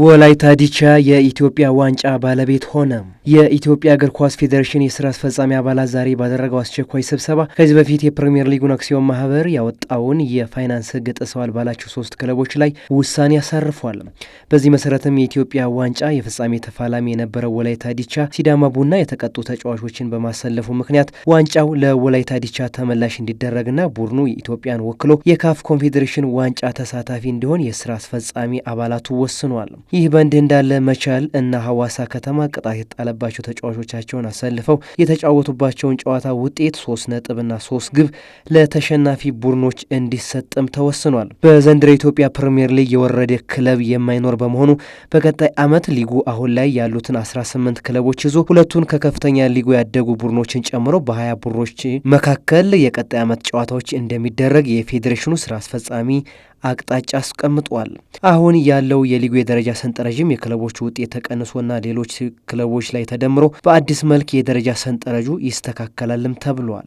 ወላይታ ዲቻ የኢትዮጵያ ዋንጫ ባለቤት ሆነ። የኢትዮጵያ እግር ኳስ ፌዴሬሽን የስራ አስፈጻሚ አባላት ዛሬ ባደረገው አስቸኳይ ስብሰባ ከዚህ በፊት የፕሪምየር ሊጉን አክሲዮን ማህበር ያወጣውን የፋይናንስ ሕግ ጥሰዋል ባላቸው ሶስት ክለቦች ላይ ውሳኔ ያሳርፏል። በዚህ መሰረትም የኢትዮጵያ ዋንጫ የፍጻሜ ተፋላሚ የነበረው ወላይታ ዲቻ ሲዳማ ቡና የተቀጡ ተጫዋቾችን በማሰለፉ ምክንያት ዋንጫው ለወላይታ ዲቻ ተመላሽ እንዲደረግና ቡድኑ ኢትዮጵያን ወክሎ የካፍ ኮንፌዴሬሽን ዋንጫ ተሳታፊ እንዲሆን የስራ አስፈጻሚ አባላቱ ወስኗል። ይህ በእንዲህ እንዳለ መቻል እና ሐዋሳ ከተማ ቅጣት የተጣለባቸው ተጫዋቾቻቸውን አሰልፈው የተጫወቱባቸውን ጨዋታ ውጤት ሶስት ነጥብና ሶስት ግብ ለተሸናፊ ቡድኖች እንዲሰጥም ተወስኗል። በዘንድሮ የኢትዮጵያ ፕሪምየር ሊግ የወረደ ክለብ የማይኖር በመሆኑ በቀጣይ ዓመት ሊጉ አሁን ላይ ያሉትን 18 ክለቦች ይዞ ሁለቱን ከከፍተኛ ሊጉ ያደጉ ቡድኖችን ጨምሮ በ20 ቡድኖች መካከል የቀጣይ ዓመት ጨዋታዎች እንደሚደረግ የፌዴሬሽኑ ስራ አስፈጻሚ አቅጣጫ አስቀምጧል። አሁን ያለው የሊጉ የደረጃ ሰንጠረዥም የክለቦቹ ውጤት ተቀንሶና ሌሎች ክለቦች ላይ ተደምሮ በአዲስ መልክ የደረጃ ሰንጠረዡ ይስተካከላልም ተብሏል።